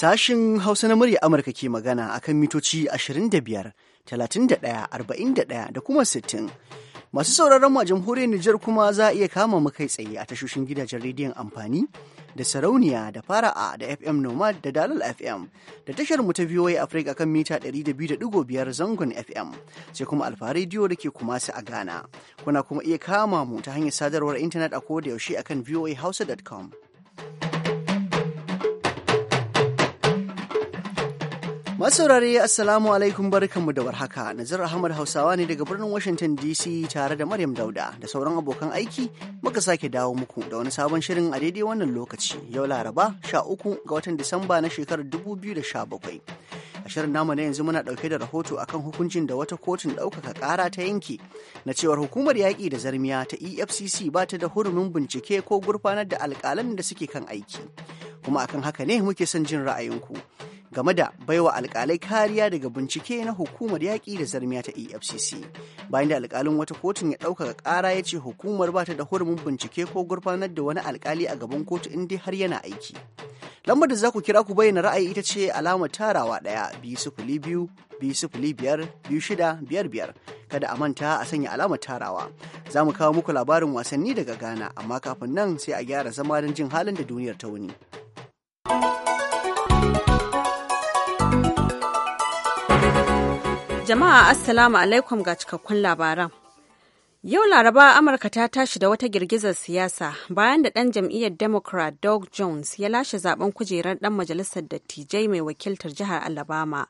Sashin Hausa na murya Amurka ke magana akan mitoci 25, 31, 41 da kuma 60. Masu sauraron a jamhuriyar Nijar kuma za a iya kama mu kai tsaye a tashoshin gidajen rediyon amfani da sarauniya da fara'a da FM Nomad da Dalal FM da tashar mu ta VOA Africa kan mita 200.5 zangon FM sai kuma Alfa Radio da ke kuma su a Ghana. Kuna kuma iya kama mu ta hanyar sadarwar intanet a koda yaushe a kan voahausa.com. saurari Assalamu alaikum barkanmu da warhaka nazar Ahmad Hausawa ne daga birnin Washington DC tare da Maryam Dauda da sauran abokan aiki muka sake dawo muku da wani sabon shirin a daidai wannan lokaci yau Laraba sha uku, ga watan Disamba na shekarar 2017. A shirin namu na yanzu muna ɗauke da rahoto akan hukuncin da wata kotun ɗaukaka ƙara ta yanke na cewar hukumar yaƙi da zarmiya ta EFCC ba ta da hurumin bincike ko gurfanar da alƙalan da suke kan aiki. Kuma akan haka ne muke son jin ra'ayinku. game da baiwa alkalai kariya daga bincike na hukumar yaƙi da zarmiya ta efcc bayan da alkalin wata kotun ya ɗaukaka ƙara ya ce hukumar ba ta da hurumin bincike ko gurfanar da wani alkali a gaban kotu in dai har yana aiki lambar da za ku kira ku bayyana ra'ayi ita ce alamar tarawa ɗaya biyu sufuli biyu biyu sufuli biyar biyu shida biyar biyar kada a manta a sanya alamar tarawa za mu kawo muku labarin wasanni daga ghana amma kafin nan sai a gyara zama don jin halin da duniyar ta wuni. Jama'a Assalamu alaikum ga cikakkun labaran. Yau Laraba Amurka ta tashi da wata girgizar siyasa bayan da ɗan jam'iyyar Democrat Doug Jones ya lashe zaben kujerar ɗan majalisar dattijai mai wakiltar jihar Alabama.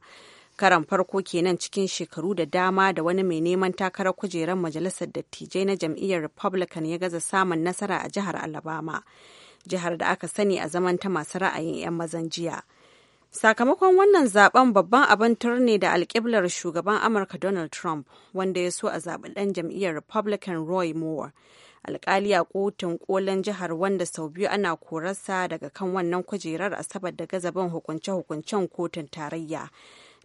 Karan farko kenan cikin shekaru da dama da wani mai neman takarar kujerar majalisar dattijai na jam'iyyar Republican ya gaza samun nasara a jihar Alabama, jihar da aka sani a zaman ta masu ra'ayin 'yan mazan jiya. Sakamakon wannan zaben babban abin turne da alkiblar shugaban Amurka Donald Trump wanda ya so a zaɓi ɗan jam'iyyar Republican Roy Moore. Alkali a kotun kolin jihar wanda sau biyu ana korarsa daga kan wannan kujerar asabar da gazabin hukunce-hukuncen kotun tarayya.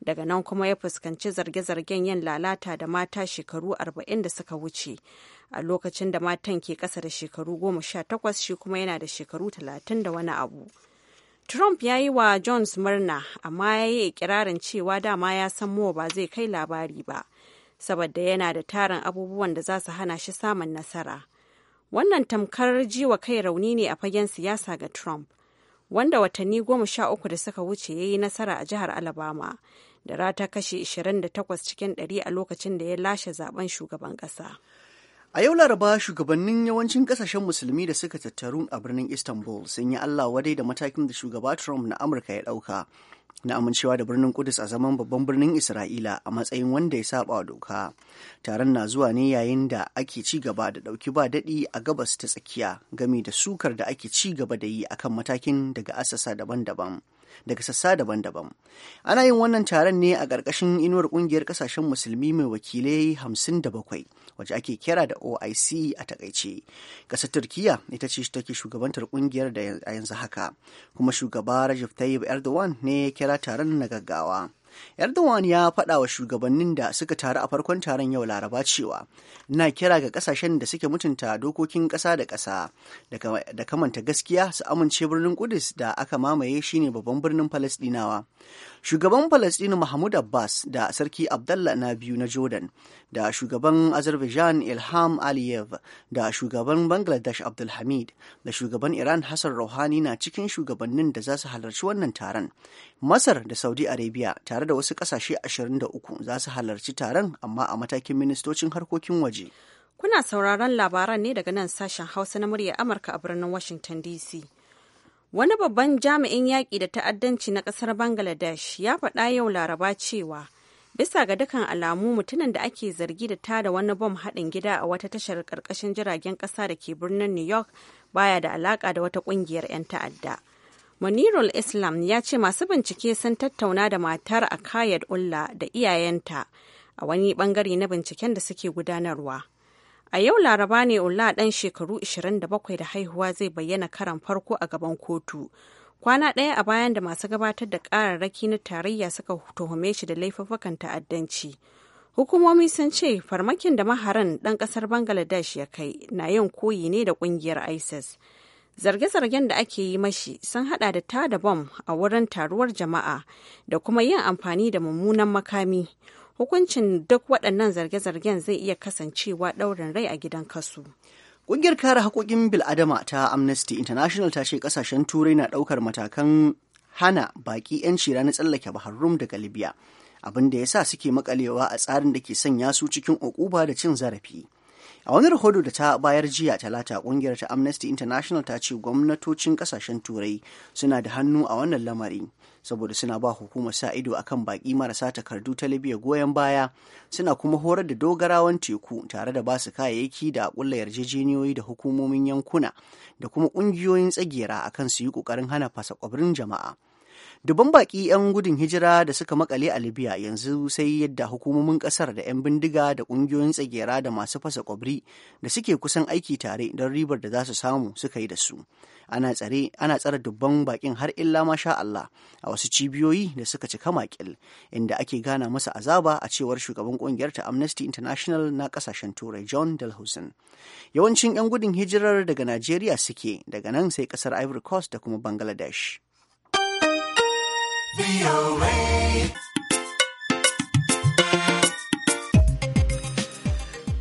Daga nan kuma ya fuskanci zarge-zargen yin lalata da mata shekaru arba'in da suka wuce. A lokacin da matan ke ƙasa da shekaru goma sha takwas shi kuma yana da shekaru talatin da wani abu. Trump ya yi wa Jones murna, amma ya yi ikirarin cewa dama ya san Mo ba zai kai labari ba, saboda yana da tarin abubuwan da za su hana shi samun nasara. Wannan tamkar jiwa kai rauni ne a fagen siyasa ga Trump, wanda watanni goma sha uku da suka wuce ya yi nasara a jihar Alabama, da rata kashe 28 cikin 100 a lokacin da ya lashe zaben shugaban ƙasa. A yau Laraba shugabannin yawancin kasashen musulmi da suka tattaru a birnin Istanbul sun yi Allah wadai da matakin da shugaba Trump na Amurka ya ɗauka na amincewa da birnin Kudus a zaman babban birnin Isra'ila a matsayin wanda ya saba doka. Taron na zuwa ne yayin da ake ci gaba da ɗauki ba daɗi a gabas ta tsakiya game da sukar da ake ci gaba da yi akan matakin daga asasa daban-daban. daga sassa daban-daban. Ana yin wannan taron ne a ƙarƙashin inuwar ƙungiyar ƙasashen musulmi mai wakilai hamsin da bakwai wacce ake kira da OIC a takaice. Ƙasar Turkiyya ita ce take shugabantar ƙungiyar da a yanzu haka, kuma shugaba Rajab Tayyip Erdogan ne ya kira taron na gaggawa. Erdogan ya faɗa wa shugabannin da suka taru a farkon taron yau Laraba cewa na kira ga kasashen da suke mutunta dokokin ƙasa da ƙasa da kamanta gaskiya su amince birnin Kudus da aka mamaye shine babban birnin Falasɗinawa. Shugaban Falasɗinu Mahmud Abbas da Sarki Abdallah na biyu na Jordan da shugaban Azerbaijan Ilham Aliyev da shugaban Bangladesh Abdulhamid da shugaban Iran Hassan Rouhani na cikin shugabannin da za su halarci wannan taron. Masar da Saudi Arabia tare tare da wasu kasashe 23 za su halarci taron amma a matakin ministocin harkokin waje. Kuna sauraron labaran ne daga nan sashen Hausa na murya Amurka a birnin Washington DC. Wani babban jami'in yaƙi da ta'addanci na ƙasar Bangladesh ya faɗa yau Laraba cewa bisa ga dukkan alamu mutumin da ake zargi da tada wani bom haɗin gida a wata tashar ƙarƙashin jiragen ƙasa da ke birnin New York baya da alaƙa da wata ƙungiyar 'yan ta'adda. Manirul Islam ya ce masu bincike sun tattauna da matar Akayad Ulla da iyayenta a wani bangare na binciken da suke gudanarwa. A yau Laraba ne Ulla ɗan shekaru 27 da haihuwa zai bayyana karan farko a gaban kotu. Kwana ɗaya a bayan da masu gabatar da ƙararraki na tarayya suka tuhume shi da laifuffukan ta'addanci. Hukumomi sun ce farmakin da maharan ɗan ƙasar Bangladesh ya kai na yin koyi ne da ƙungiyar ISIS. Zarge-zargen da ake yi mashi sun hada da tada bom a wurin taruwar jama'a da kuma yin amfani da mummunan makami. Hukuncin duk waɗannan zarge-zargen zai iya kasancewa ɗaurin rai a gidan kasu. Ƙungiyar kare haƙoƙin bil'adama ta Amnesty International ta ce ƙasashen Turai na ɗaukar matakan hana baƙi 'yanci ranar tsallake Bahar Rum daga Libya, abin da ya sa suke makalewa a tsarin da ke sanya su cikin da cin zarafi. a wani rahoto da ta bayar jiya talata kungiyar ta amnesty international ta ce gwamnatocin kasashen turai suna da hannu a wannan lamari saboda suna ba hukumar sa ido a kan baki marasa takardu ta libya goyon baya suna kuma horar da dogarawan teku tare da basu kayayyaki da kulla yarjejeniyoyi da hukumomin yankuna da kuma kungiyoyin tsagera akan su yi kokarin hana fasa jama'a Dubban baƙi 'yan gudun hijira da suka makale a Libya yanzu sai yadda hukumomin ƙasar da 'yan bindiga da ƙungiyoyin tsagera da masu fasa kwabri da suke kusan aiki tare don ribar da za su samu suka yi da su. Ana tsare ana tsare dubban baƙin har illa masha Allah a wasu cibiyoyi da suka cika makil inda ake gana masa azaba a cewar shugaban ƙungiyar ta Amnesty International na ƙasashen Turai John Dalhousen. Yawancin 'yan gudun hijirar daga Najeriya suke daga nan sai ƙasar Ivory Coast da kuma Bangladesh.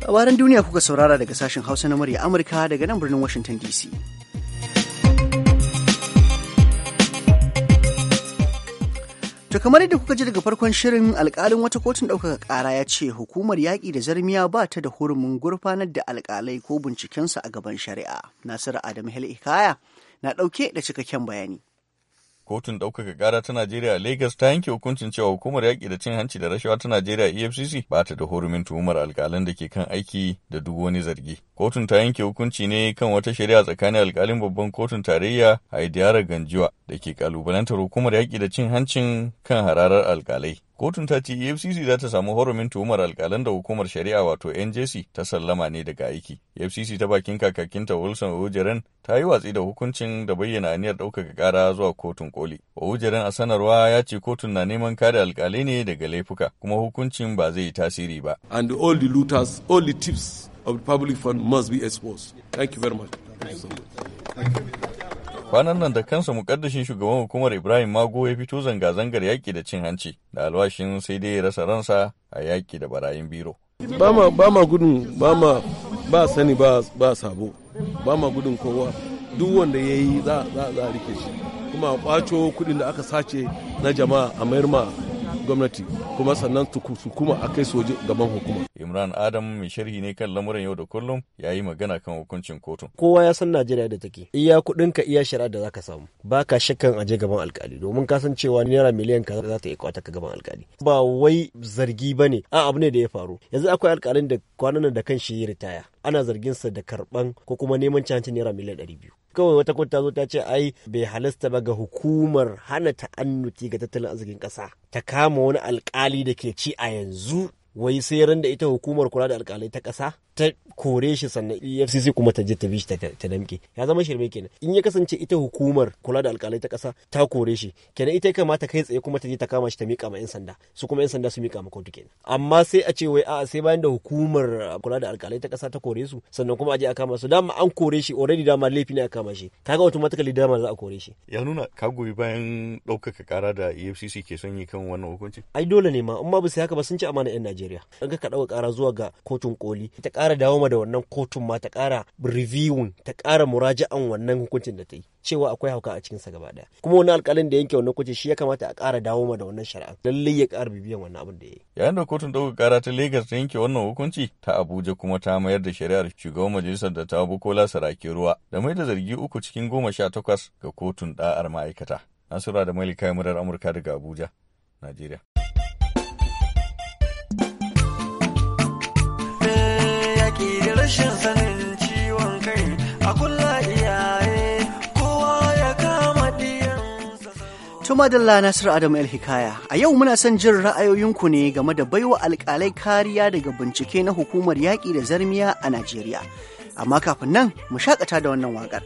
Labaran duniya kuka saurara daga sashen Hausa na murya Amurka daga nan birnin Washington DC. To kamar yadda kuka ji daga farkon shirin alkalin wata kotun ɗaukaka ƙara ya ce hukumar yaƙi da zarmiya ba ta da hurumin gurfanar da alƙalai ko bincikensu a gaban shari'a. Nasiru Adam Hikaya na ɗauke da cikakken bayani. Kotun ɗaukaka ƙara ta Najeriya a Lagos ta yanke hukuncin cewa hukumar yaƙi da cin hanci da rashawa ta Najeriya EFCC ba ta da horumin tuhumar alƙalan da ke kan aiki da duk wani zargi. Kotun ta yanke hukunci ne kan wata shari'a tsakanin alƙalin babban kotun tarayya Haidiyara Ganjiwa da ke kalubalantar hukumar yaƙi da cin hancin kan hararar alƙalai. Kotun ta ce EFCC za ta samu horumin tuhumar alkalan da hukumar shari'a wato NJC ta sallama ne daga aiki. EFCC ta bakin kakakinta Wilson Ojeren ta yi watsi da hukuncin da bayyana aniyar ɗaukaka ƙara zuwa kotun koli. Ojeren a sanarwa ya ce kotun na neman kare alkalai ne daga laifuka kuma hukuncin ba zai yi tasiri ba. And all the looters, all the tips of the public fund must be exposed. Thank you very much. Thank you. Thank you. Kwanan nan da kansa mukaddashin shugaban hukumar Ibrahim Mago ya fito zanga-zangar yaƙi da cin hanci da alwashin sai dai ya rasa ransa a yaƙi da barayin biro. Ba ma gudun ba sani ba sabo ba ma gudun kowa duk wanda ya yi za a rike shi kuma a kwaco kuɗin da aka sace na jama'a a mayar ma gwamnati kuma sannan su kuma a kai soje gaban hukuma. Imran Adam mai sharhi ne kan lamuran yau da kullum ya yi magana kan hukuncin kotun. Kowa ya san Najeriya da take. Iya ka iya shari'a da zaka samu. Ba ka shakkan aje gaban alkali domin ka san cewa naira miliyan ka za ta iya kwata ka gaban alkali. Ba wai zargi ba ne a abu ne da ya faru. Yanzu akwai alkalin da kwanan da kan shi ya ritaya. Ana zarginsa da karɓan ko kuma neman cancin naira miliyan ɗari biyu. kawai wata kwata zo ta ce ai bai halasta ba ga hukumar hana ta'annuti ga tattalin arzikin ƙasa ta kama wani alkali da ke ci a yanzu wai sai ran da ita hukumar kula da alkalai ta ƙasa ta kore shi sannan efcc kuma ta je ta bi shi ta damke ya zama shirme kenan in ya kasance ita hukumar kula da alkalai ta kasa ta kore shi kenan ita kama ta kai tsaye kuma ta je ta kama shi ta mika ma yan sanda su kuma yan sanda su mika ma kotu kenan amma sai a ce wai a'a sai bayan da hukumar kula da alkalai ta kasa ta kore su sannan kuma a je a kama su dama an kore shi already dama laifi ne a kama shi kaga automatically dama za a kore shi ya nuna ka goyi bayan daukaka kara da efcc ke son yi kan wannan hukunci ai dole ne ma amma ba su haka ba sun ci amana yan najeriya an ka dauka kara zuwa ga kotun koli ita ƙara dawo da wannan kotun ma ta ƙara reviewing ta ƙara muraja'an wannan hukuncin da ta yi cewa akwai hauka a cikinsa gaba daya kuma wani alkalin da yanke wannan kuce shi ya kamata a ƙara dawo ma da wannan shari'a lalle ya ƙara bibiyan wannan abin da ya yi yayin da kotun ɗaukar ƙara ta Legas ta yanke wannan hukunci ta Abuja kuma ta mayar da shari'ar shugaban majalisar da ta Bukola Sarake ruwa da mai da zargi uku cikin goma sha takwas ga kotun ɗa'ar ma'aikata Nasura da Malika Murar Amurka daga Abuja Najeriya rashin sanin ciwon kai a kulla iyaye kowa ya kama diyansa. Nasiru Adam El Hikaya, a yau muna son jin ra'ayoyinku ne game da baiwa alƙalai kariya daga bincike na hukumar yaƙi da zarmiya a Najeriya. Amma kafin nan, mu shakata da wannan waƙar.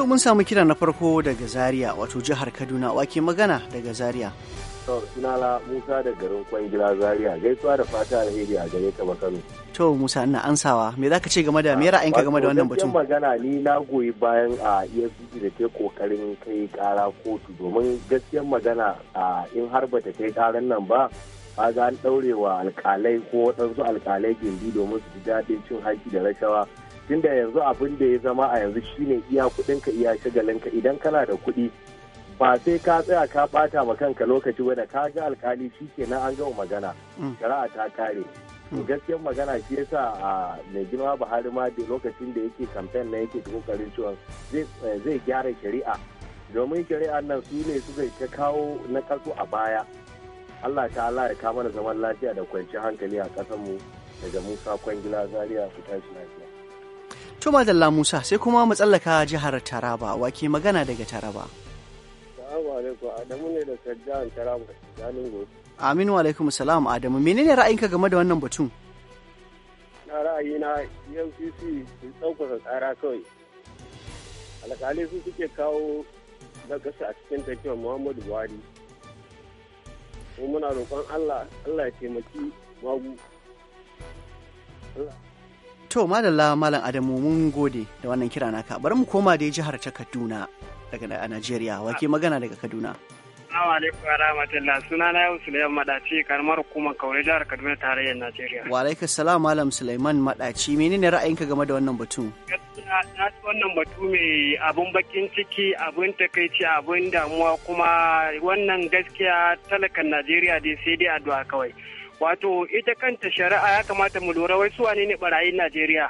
To mun samu kira na farko daga Zaria wato jihar Kaduna wake magana daga Zaria. To sunana Musa da garin Kwangila Zaria gaisuwa da fata alheri a gare ka Kano. To Musa ina ansawa me zaka ce game da me ah, ra'ayin ka game da wannan batun? magana ni na goyi bayan a ah, EFCC da ke kokarin kai kara kotu domin gaskiyar magana a ah, in har bata kai karan nan ba kaga an daurewa alkalai ko waɗansu alkalai gindi domin su ji daɗin cin haƙi da rashawa tunda yanzu abin da ya zama a yanzu shine iya ka iya shagalin ka idan kana da kuɗi ba sai ka tsaya ka bata ma kanka lokaci ba ka ga alkali shi kenan an gama magana mm. shari'a ta kare to mm. gaskiyar magana shi yasa a mai girma buhari ma da lokacin da yake kamfen na yake kokarin cewa eh, zai gyara shari'a domin shari'ar nan su ne suka ta kawo na kaso a baya allah ta ala ya kama da zaman lafiya da kwanciyar hankali a kasanmu daga musa kwangila zaria su tashi lafiya To da Musa sai kuma mu tsallaka jihar Taraba wake magana daga Taraba. alaikum Adamu ne Aminu alaikum salam Adamu menene ra'ayinka game da wannan batun? Na ra'ayi na EFCC sun ɗaukaka tsara kawai. Alƙalai su suke kawo nakasa a cikin tafiyar Muhammadu Buhari. Mun muna roƙon Allah Allah ya taimaki magu. Allah. To madalla malam Adamu mun gode da wannan kira naka. Bari mu koma da jihar ta Kaduna daga a Najeriya. Wake magana daga Kaduna. Assalamu alaikum wa rahmatullah. Suna na yau Suleiman Madaci karamar hukumar Kaure jihar Kaduna tarayyar Najeriya. Wa alaikum salam malam Suleiman Madaci. Menene ra'ayinka game da wannan batu? Gaskiya wannan batu mai abun bakin ciki, abun takaici, abun damuwa kuma wannan gaskiya talakan Najeriya dai sai dai addu'a kawai. wato ita kanta shari'a ya kamata mu lura wai suwa ne barayin najeriya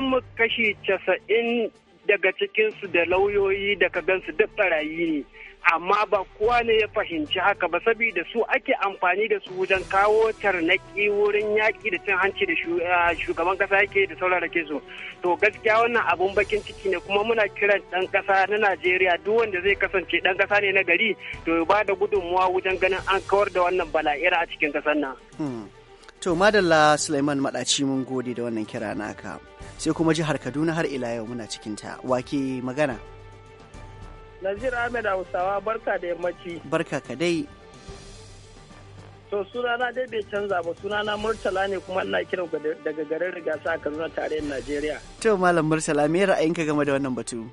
mu kashi casa'in daga cikinsu da lauyoyi daga gansu duk barayi ne amma ba kowa ne ya fahimci haka ba saboda su ake amfani da su wajen kawo tarnaki wurin yaƙi da cin hanci da ah, shugaban kasa yake da sauran rake su to gaskiya wannan abun bakin ciki ne kuma muna kiran ɗan ƙasa na najeriya duk wanda zai kasance ɗan ƙasa ne na gari to ya ba da gudunmuwa wajen ganin an kawar da wannan bala'ira a cikin ƙasar nan. Hmm. To Madalla Suleiman Maɗaci mun gode da wannan kira naka. Sai kuma jihar Kaduna har ila yau muna cikinta. Wake magana? Nazir Ahmed Hausawa barka da yammaci. Barka ka dai. To sunana dai bai canza ba sunana Murtala ne kuma ina kiran daga garin Rigasa a tare tarayyar Najeriya. To Malam Murtala me ra'ayinka game da wannan batu?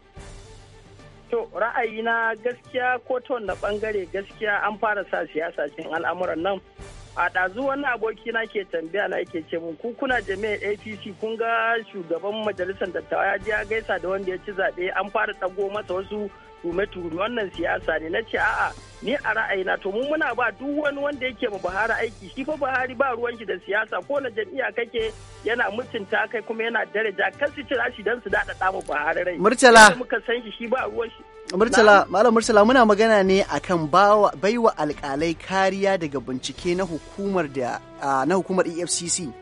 To ra'ayina gaskiya ko ta wanda bangare gaskiya an fara sa siyasa cikin al'amuran nan a ɗazu wani aboki na ke tambaya na yake ce mun ku kuna jami'ar apc kun ga shugaban majalisar dattawa ya ji ya gaisa da wanda ya ci zaɓe an fara ɗago masa wasu tume tume wannan siyasa ne na ce a'a ni a ra'ayina to mun muna ba duk wani wanda yake ma Buhari aiki shi fa Buhari ba ruwan shi da siyasa ko na jam'iyya kake yana mutunta kai kuma yana daraja kan su cira shi dan su daɗaɗa ma Buhari rai Murtala muka san shi shi ba ruwan shi Murtala, Malam Murtala muna magana ne akan baiwa alkalai kariya daga bincike na hukumar da na hukumar EFCC.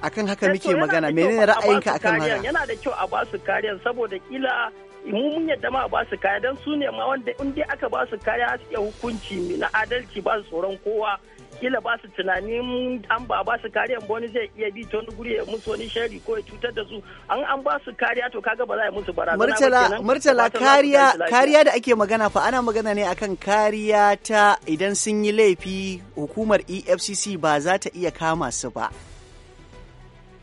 haka eh, muke magana, menene ra'ayinka akan haka? Yana da kyau a basu kariya saboda kila mu mun yadda ma ba su kariya don su ne ma wanda in dai aka ba su kaya su iya hukunci na adalci ba su tsoron kowa kila ba su tunanin an ba ba su kariya wani zai iya bi ta wani guri ya musu wani shari ko ya cutar da su an an ba su kariya to kaga ba za a yi musu barazana Murtala Murtala kariya kariya da ake magana fa ana magana ne akan kariya ta idan sun yi laifi hukumar EFCC ba za ta iya kama su ba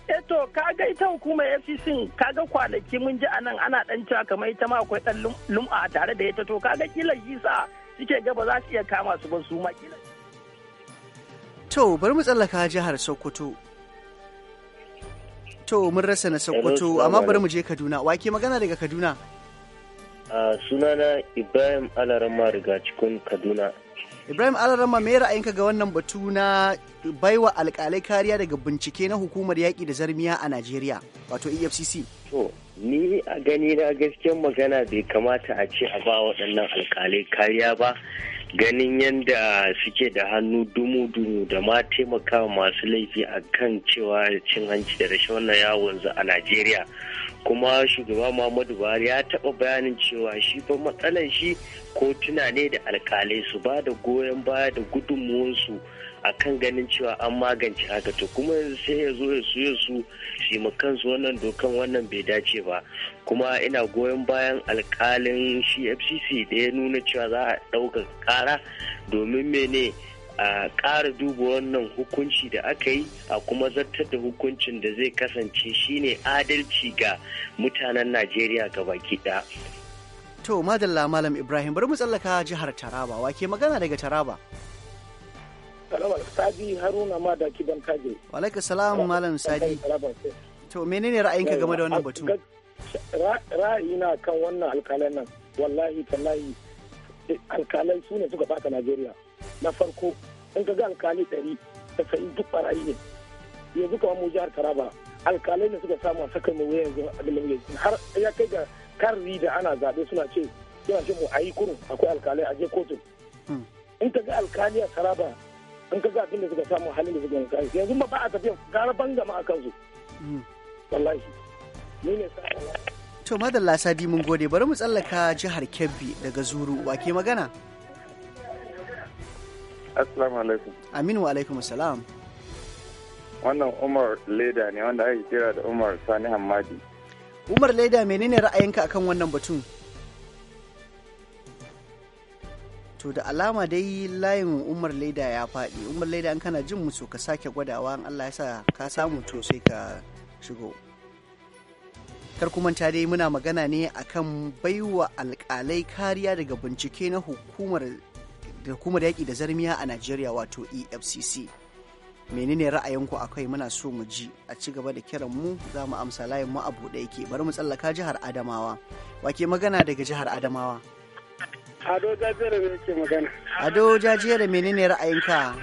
eto eh kaga ita hukumar e FCC kaga kwanaki mun ji anan ana dan cewa kamar ita ma akwai dan lum'a tare da ita to kaga kila yisa sa suke ga ba za su iya kama su ba su ma kila To bari mu tsallaka jihar Sokoto. To mun rasa na Sokoto amma bari mu je Kaduna. Wake magana daga Kaduna? A sunana Ibrahim Alarama daga cikin Kaduna. Ibrahim Alarama me ra'ayinka ga wannan batu na baiwa alkalai kariya daga bincike na hukumar yaƙi da zarmiya a Najeriya wato EFCC. To ni a gani na gaskiyar magana bai kamata a ce a ba waɗannan alkalai kariya ba ganin yadda suke da hannu dumu-dumu da ma taimaka masu laifi a kan cewa cin hanci da rashin wannan ya wanzu a najeriya kuma shugaba muhammadu buhari ya taɓa bayanin cewa shi fa matsalar shi kotuna ne da alkalai su ba da goyon baya da gudunmuwansu a kan ganin cewa an magance haka to kuma sai ya zo ya suya su shi kansu wannan dokan wannan bai dace ba kuma ina goyon bayan alkalin shi fcc da ya nuna cewa za a ɗauka ƙara domin mene a ƙara duba wannan hukunci da aka yi a kuma zartar da hukuncin da zai kasance shine adalci ga mutanen najeriya baki ɗaya. to madalla malam ibrahim bari mu tsallaka jihar taraba wake magana daga taraba Salawar Sadi Haruna ma da kidan kaje. Wa salam Malam Sadi. To menene ra'ayinka game da wannan batu? Ra'ayina kan wannan alkalan nan wallahi tallahi alkalai su ne suka baka Najeriya. Na farko in ka ga alkali ɗari tasa'in duk ra'ayi ne. Yanzu kawai mu jihar Taraba alkalai ne suka samu a saka mu yanzu a har ya kai ga karri da ana zaɓe suna ce suna ce mu a yi kurun akwai alkalai a je kotun. Hmm. In ka ga alkali a Taraba in ka ga abin da suka samu halin da suka yi yanzu ba a tafiya gara bangama a kansu mm. wallahi ni ne sa'a to madalla sabi mun gode bari mu tsallaka jihar kebbi daga zuru ke magana assalamu alaikum aminu alaikum assalam wannan umar leda ne wanda ake kira da umar sani hamadi umar leda menene ra'ayinka akan wannan batun to da alama dai layin umar leda ya faɗi umar leda in kana jin musu ka sake gwadawa in allah ya sa ka samu to sai ka shigo karkumanta dai muna magana ne akan baiwa alkalai kariya daga bincike na hukumar da da yaƙi da zarmiya a najeriya wato efcc menene ra'ayinku akai muna so mu ji a ci gaba da kiran mu za mu amsa layin mu a buɗe yake bari mu tsallaka jihar adamawa wake magana daga jihar adamawa Ado jajere ne yake magana. Ado jajiyar jajere menene ra'ayinka?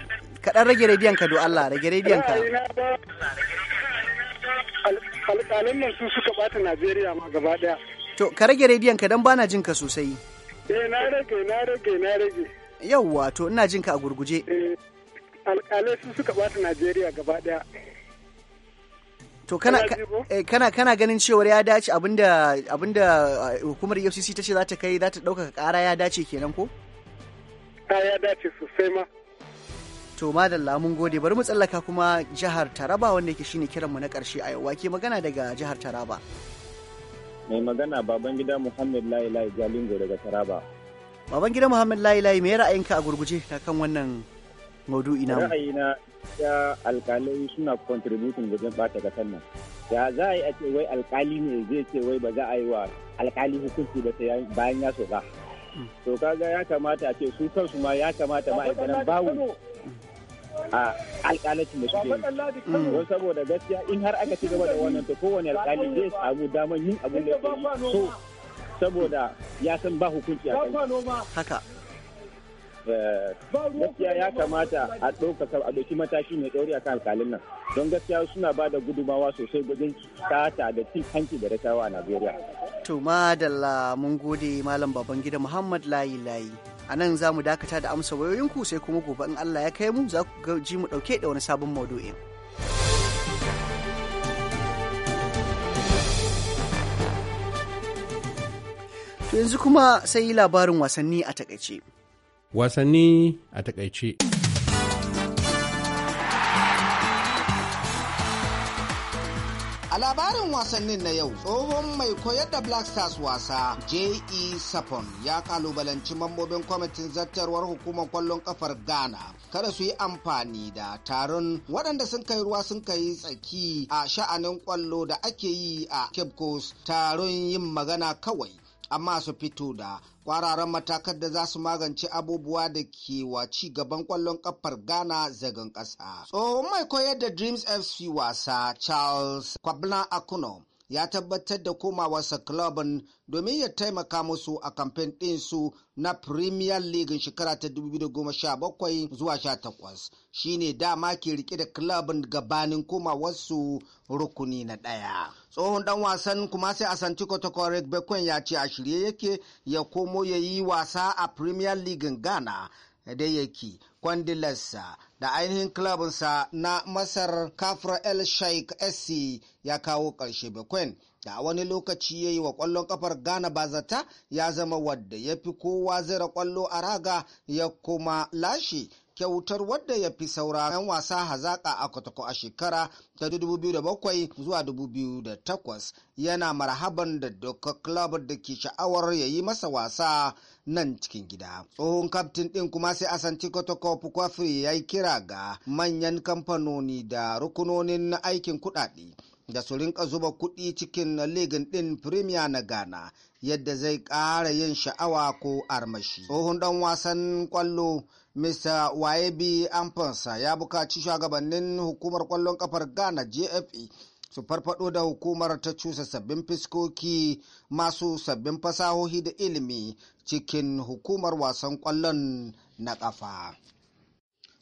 Kaɗan rage rediyon ka do Allah rage rediyon ka. nan su suka bata Najeriya ma gaba ɗaya. To ka rage rediyon ka bana jin ka sosai. Eh na rage na rage na rage. Yawwa to ina jin ka a gurguje. Eh, alƙalai su suka bata Najeriya gaba ɗaya. to kana eh, kana kana ganin cewar ya dace abinda abinda eh, hukumar EFCC ta ce za ta kai za ta ɗaukaka ƙara ya dace kenan ko ta ya dace sosai ma to madalla mun gode bari mu tsallaka kuma jihar Taraba wanda yake shine kiran mu na ƙarshe a yau ke magana daga jihar Taraba mai magana baban gida Muhammad Lai Lai Jalingo daga Taraba baban gida Muhammad Lai Lai me ra'ayinka a gurguje ta kan wannan maudu'i mu. ra'ayina ya alkalai suna contributing wajen bata kasar nan ya za a yi a ce wai alkali ne zai ce wai ba za a yi wa alkali hukunci ba sai bayan ya soka to kaga ya kamata a ce su kansu ma ya kamata ma'aikatan bawu a alkalacin da suke yi don saboda gaskiya in har aka ci gaba da wannan to kowane alkali zai samu daman yin abin da ya saboda ya san ba hukunci a kai haka gaskiya ya kamata a ɗaukaka a ɗauki mataki mai ɗauri a kan alƙalin nan don gaskiya suna ba da gudumawa sosai wajen kata da cin hanci da rashawa a najeriya to madalla mun gode malam babangida muhammad layi layi a nan za mu dakata da amsa wayoyinku sai kuma gobe in allah ya kai mu za ku ji mu ɗauke da wani sabon maudu'in. To yanzu kuma sai yi labarin wasanni a takaice. wasanni a takaice. A labarin wasannin na yau, tsohon mai koyar da Black Stars wasa J.E. Sapon ya kalubalanci mambobin kwamitin Zartarwar hukumar kwallon kafar Ghana kada su yi amfani da taron waɗanda sun kai ruwa sun kai tsaki a sha'anin kwallo da ake yi a Cape Coast taron yin magana kawai amma su fito da kwararan matakan da za su magance abubuwa da ke wa ci gaban kwallon kafar ghana zagan ƙasa tsohon mai koyar da dreams fc wasa charles kwabna akuno ya tabbatar da komawarsa klubin domin ya taimaka musu a kamfen ɗinsu na Premier League shekara ta 2017 zuwa 18 shine dama ke rike da klubin gabanin komawarsu rukuni na ɗaya. Tsohon dan wasan kuma sai a Asanti Kotoko Bekwen ya ce a shirye yake ya komo ya yi wasa a Premier League Ghana da yake kwandilarsa da ainihin klabinsa na masar kafra el sheikh sc ya kawo ƙarshe bitcoin da wani lokaci ya yi wa ƙwallon kafar ghana bazata ya zama wadda ya fi kowa zira ƙwallo a raga ya kuma lashe kyautar wadda ya fi saura 'yan wasa hazaƙa a Kotoko a shekara ta 2007 zuwa 2008 yana marhaban da doka club da ke sha'awar ya yi masa wasa nan cikin gida. Tsohon kaftin ɗin kuma sai Asanti Kotoko Pukwafri ya yi kira ga manyan kamfanoni da rukunonin aikin kudade. da su rinka zuba kuɗi cikin ligin din Premier na Ghana yadda zai ƙara yin sha'awa ko armashi. Tsohon ɗan wasan kwallo. Mr. Waebi Amfansa ya bukaci shugabannin hukumar kwallon kafar Ghana jfe su farfado da hukumar ta cusa sabbin fiskoki masu sabbin fasahohi da ilimi cikin hukumar wasan kwallon na kafa.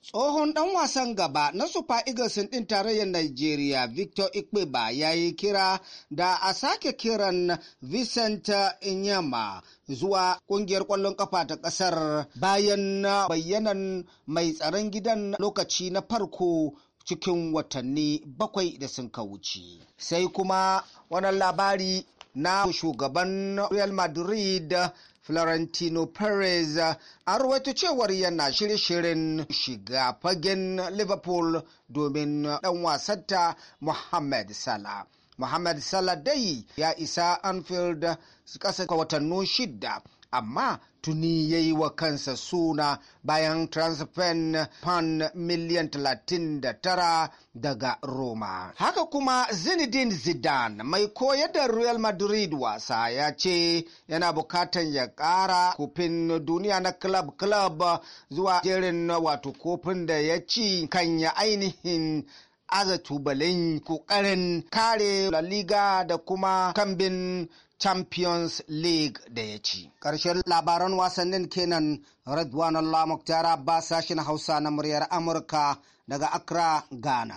Tsohon ɗan wasan gaba na Super Eagles ɗin tarayyar Najeriya Victor Ikpeba ya yi kira da a sake kiran Vincent Inyama zuwa ƙungiyar ƙwallon ƙafa ta ƙasar bayan bayyanan mai tsaron gidan lokaci na farko cikin watanni bakwai da sun wuce. Sai kuma wani labari na shugaban Real Madrid Florentino Perez a ruwaito cewar yana shirye-shirin shiga fagen Liverpool domin ɗan wasanta Mohamed Salah. Mohamed Salah dai ya isa Anfield ƙasa watannin shida amma tuni ya yi wa kansa suna bayan transfen pan miliyan 39 daga Roma. Haka kuma Zinedine Zidane mai koyar da Real Madrid wasa ya ce yana bukatan ya ƙara kufin duniya na club club zuwa jerin wato kofin da ya ci kan ya ainihin aza tubalin kokarin kare La Liga da kuma kambin champions league da ya ci ƙarshen labaran wasannin kenan redwan allah muktar abbas sashen hausa na muryar amurka daga accra ghana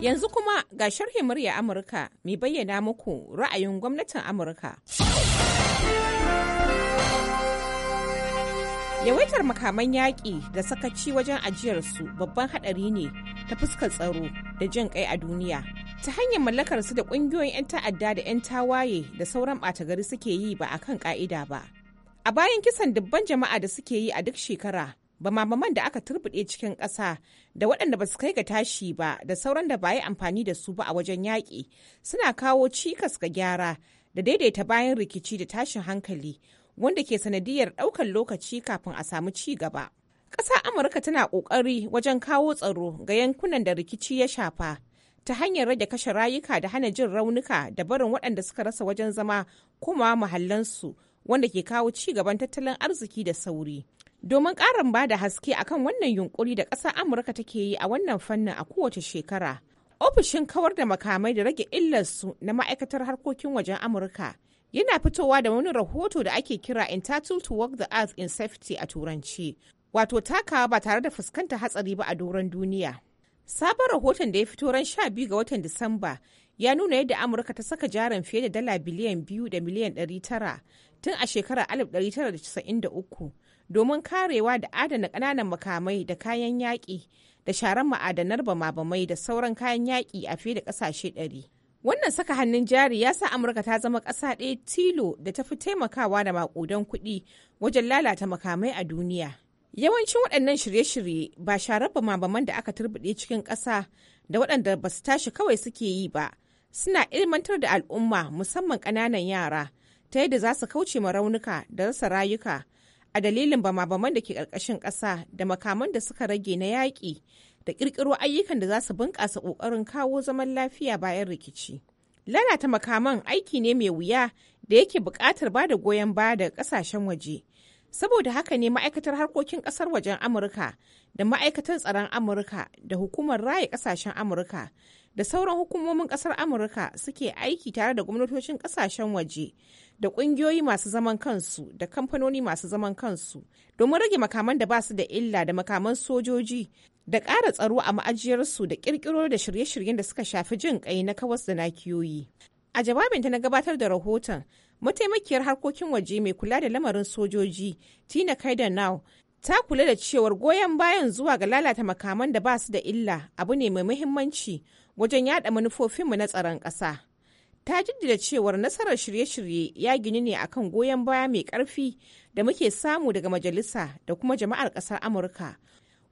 yanzu kuma ga sharhi murya amurka mai bayyana muku ra'ayin gwamnatin amurka Yawaitar makaman yaƙi da sakaci wajen ajiyarsu babban haɗari ne ta fuskar tsaro da jin kai a duniya. Ta hanyar mallakar su da ƙungiyoyin 'yan ta'adda da 'yan tawaye da sauran ɓata gari suke yi ba a kan ƙa'ida ba. A bayan kisan dubban jama'a da suke yi a duk shekara, ba bamamaman da aka turbuɗe cikin ƙasa da waɗanda ba su kai ga tashi ba da sauran da ba yi amfani da su ba a wajen yaƙi suna kawo cikas ga gyara da daidaita bayan rikici da tashin hankali wanda ke sanadiyar ɗaukar lokaci kafin a samu ci gaba. Ƙasa Amurka tana ƙoƙari wajen kawo tsaro ga yankunan da rikici ya shafa ta hanyar rage kashe rayuka da hana jin raunuka da barin waɗanda suka rasa wajen zama kuma mahallansu wanda ke kawo ci gaban tattalin arziki da sauri. Domin ƙarin ba da haske akan wannan yunƙuri da ƙasa Amurka take yi a wannan fannin a kowace shekara, ofishin kawar da makamai da rage illarsu na ma'aikatar harkokin wajen Amurka yana fitowa da wani rahoto da ake kira entitled to work the earth in safety a turanci wato takawa ba tare da fuskanta hatsari ba a doron duniya sabon rahoton da ya fito ran 12 ga watan disamba ya nuna yadda amurka ta saka jarin fiye da dala biliyan 2 da miliyan 900 tun a shekarar 1993 domin karewa da adana kananan makamai da kayan yaƙi da sharan ma'adanar ba bamai da sauran kayan yaƙi a fiye da ƙasashe 100 Wannan saka hannun jari ya sa Amurka ta zama ƙasa ɗaya tilo da ta fi taimakawa da maƙudan kuɗi wajen lalata makamai a duniya. Yawancin waɗannan shirye-shirye ba sharar bama da aka turbiɗe cikin ƙasa da waɗanda ba su tashi kawai suke yi ba, suna ilmantar da al'umma musamman ƙananan yara ta yadda za su kauce ma raunuka da rasa rayuka a dalilin ba mabaman da ke ƙarƙashin ƙasa da makaman da suka rage na yaƙi da ƙirƙiro ayyukan da za su bunƙasa ƙoƙarin kawo zaman lafiya bayan rikici. Lalata makaman aiki ne mai wuya da yake buƙatar ba da goyon baya daga ƙasashen waje. Saboda haka ne ma'aikatar harkokin ƙasar wajen Amurka da ma'aikatar tsaron Amurka da hukumar raya ƙasashen Amurka da sauran hukumomin ƙasar Amurka suke aiki tare da gwamnatocin ƙasashen waje da ƙungiyoyi masu zaman kansu da kamfanoni masu zaman kansu domin rage makaman da ba su da illa da makaman sojoji da ƙara tsaro a ma'ajiyarsu da ƙirƙiro da shirye-shiryen da suka shafi jin ƙai na kawas da kiyoyi. A jawabin ta na gabatar da rahoton, mataimakiyar harkokin waje mai kula da lamarin sojoji Tina kaida Now, ta kula da cewar goyon bayan zuwa ga lalata makaman da ba su da illa abu ne mai muhimmanci wajen yada manufofinmu na tsaron ƙasa. Ta jaddada cewar nasarar shirye-shirye ya gini ne akan goyon baya mai ƙarfi da muke samu daga majalisa da kuma jama'ar ƙasar Amurka.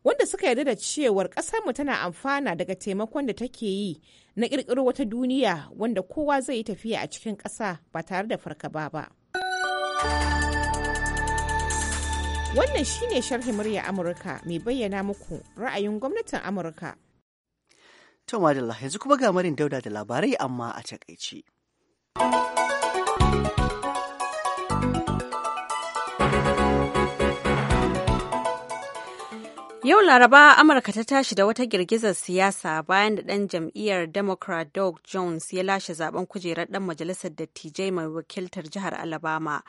wanda suka yarda da cewar ƙasarmu tana amfana daga taimakon da take yi na ƙirƙiro wata duniya wanda kowa zai yi tafiya a cikin ƙasa ba tare da fargaba ba. Wannan shine sharhi murya Amurka mai bayyana muku ra'ayin gwamnatin Amurka. To madalla yanzu kuma ga marin dauda da labarai amma a takaici. Yau Laraba Amurka ta tashi da wata girgizar siyasa bayan da ɗan jam'iyyar Democrat Doug Jones ya lashe zaben kujerar ɗan majalisar dattijai mai wakiltar jihar Alabama.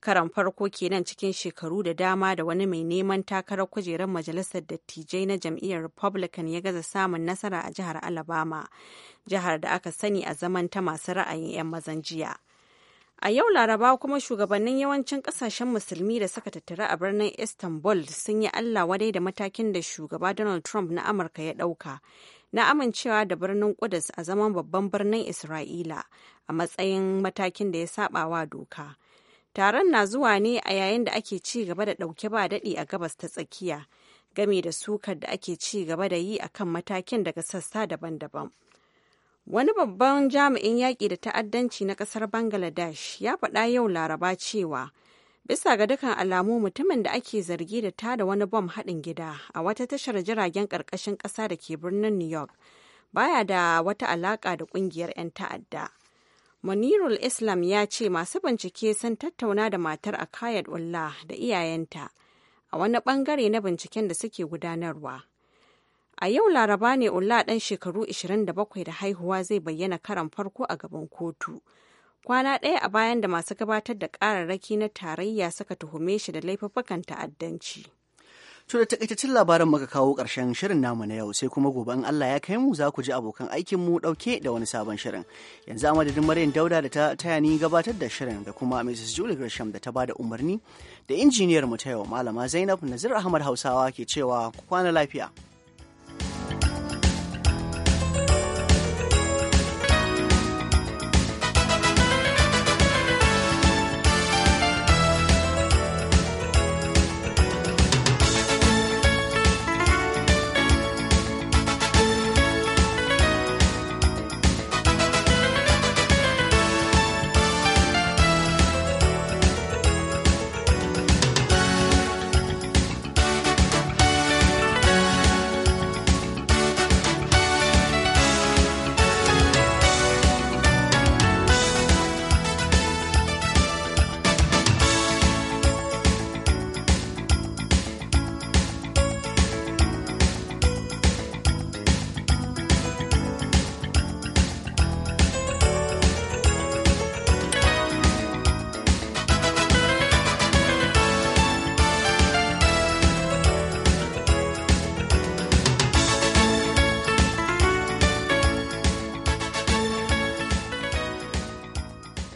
Karan farko kenan cikin shekaru da dama da wani mai neman takarar kujerar majalisar dattijai na jam'iyyar Republican ya gaza samun nasara a jihar Alabama, jihar da aka sani a zaman ta masu ra'ayin 'yan mazan jiya. A yau Laraba kuma shugabannin yawancin kasashen musulmi da suka tattara a birnin Istanbul sun yi Allah wadai da matakin da shugaba Donald Trump na Amurka ya ɗauka na amincewa da birnin Kudus a zaman babban birnin Isra'ila a matsayin matakin da ya saba wa doka. Taron na zuwa ne a yayin da ake ci gaba da ɗauke ba daɗi a gabas ta tsakiya game da sukar da ake ci gaba da yi akan matakin daga sassa daban-daban. Wani babban jami'in yaƙi da ta'addanci na ƙasar Bangladesh ya faɗa yau Laraba cewa bisa ga dukkan alamu mutumin da ake zargi da tada wani bom haɗin gida a wata tashar jiragen ƙarƙashin ƙasa da ke birnin New York baya da wata alaƙa da ƙungiyar 'yan ta'adda. Munirul Islam ya ce masu bincike sun tattauna da matar a Ullah da iyayenta a wani ɓangare na binciken da suke gudanarwa. A yau Laraba ne Ulla dan shekaru 27 da haihuwa zai bayyana karan farko a gaban kotu. Kwana ɗaya a bayan da masu gabatar da kararraki na tarayya suka tuhume shi da laifuffukan ta'addanci. To da takaitaccen labarin muka kawo karshen shirin namu na yau sai kuma gobe in Allah ya kai mu za ku ji abokan aikin mu ɗauke da wani sabon shirin. Yanzu a madadin Maryam Dauda da ta taya ni gabatar da shirin da kuma Mrs. Julie Gresham da ta bada umarni da injiniyar mu ta yau Malama Zainab Nazir Ahmad Hausawa ke cewa ku kwana lafiya.